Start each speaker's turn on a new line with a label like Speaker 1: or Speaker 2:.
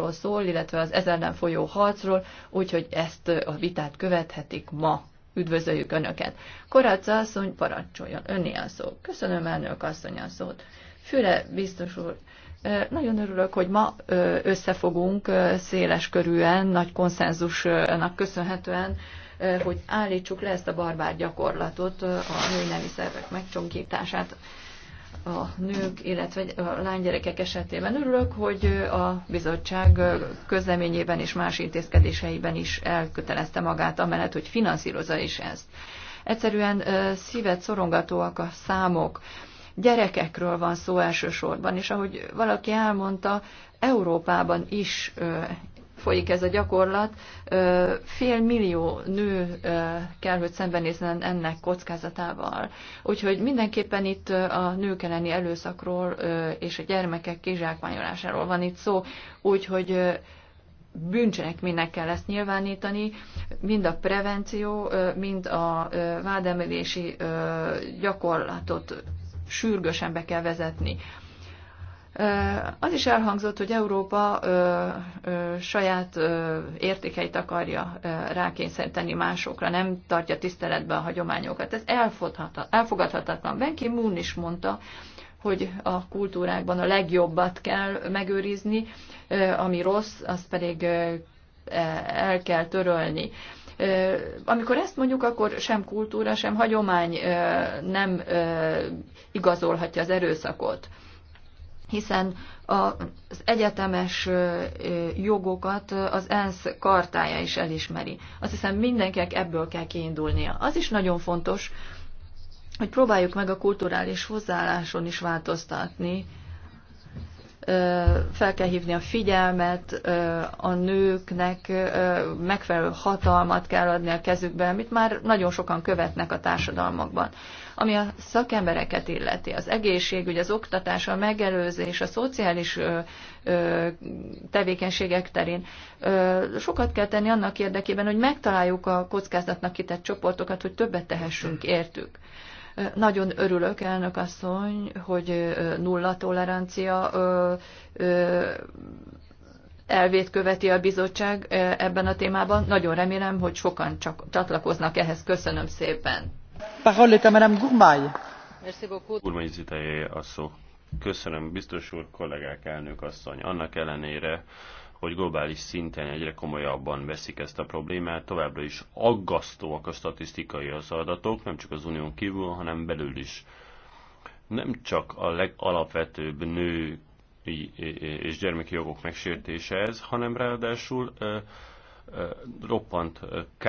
Speaker 1: ról szól, illetve az ez ellen folyó harcról, úgyhogy ezt a vitát követhetik ma. Üdvözöljük Önöket! Korácsa asszony, parancsoljon, önné a szó. Köszönöm elnök asszony a szót. Füle biztos úr, nagyon örülök, hogy ma összefogunk széles körűen, nagy konszenzusnak köszönhetően, hogy állítsuk le ezt a barbár gyakorlatot, a női nemi szervek megcsonkítását a nők, illetve a lánygyerekek esetében. Örülök, hogy a bizottság közleményében és más intézkedéseiben is elkötelezte magát, amellett, hogy finanszírozza is ezt. Egyszerűen szívet szorongatóak a számok. Gyerekekről van szó elsősorban, és ahogy valaki elmondta, Európában is folyik ez a gyakorlat, fél millió nő kell, hogy szembenézzen ennek kockázatával. Úgyhogy mindenképpen itt a nők elleni előszakról és a gyermekek kizsákmányolásáról van itt szó, úgyhogy bűncselekménynek kell ezt nyilvánítani, mind a prevenció, mind a vádemelési gyakorlatot sürgősen be kell vezetni. Az is elhangzott, hogy Európa saját értékeit akarja rákényszeríteni másokra, nem tartja tiszteletben a hagyományokat. Ez elfogadhatatlan. Benki Moon is mondta, hogy a kultúrákban a legjobbat kell megőrizni, ami rossz, azt pedig e, el kell törölni. Amikor ezt mondjuk, akkor sem kultúra, sem hagyomány nem igazolhatja az erőszakot hiszen az egyetemes jogokat az ENSZ kartája is elismeri. Azt hiszem mindenkinek ebből kell kiindulnia. Az is nagyon fontos, hogy próbáljuk meg a kulturális hozzáálláson is változtatni, fel kell hívni a figyelmet, a nőknek megfelelő hatalmat kell adni a kezükbe, amit már nagyon sokan követnek a társadalmakban. Ami a szakembereket illeti, az egészségügy, az oktatás, a megelőzés, a szociális tevékenységek terén sokat kell tenni annak érdekében, hogy megtaláljuk a kockázatnak kitett csoportokat, hogy többet tehessünk értük. Nagyon örülök, elnök asszony, hogy nulla tolerancia elvét követi a bizottság ebben a témában. Nagyon remélem, hogy sokan csak csatlakoznak ehhez. Köszönöm szépen. Parole est à Madame Gourmay.
Speaker 2: Merci beaucoup. Gourmay a szó. Köszönöm, biztos úr, kollégák, elnök asszony. Annak ellenére, hogy globális szinten egyre komolyabban veszik ezt a problémát, továbbra is aggasztóak a statisztikai az adatok, nem csak az unión kívül, hanem belül is. Nem csak a legalapvetőbb nő és gyermeki jogok megsértése ez, hanem ráadásul roppant kár.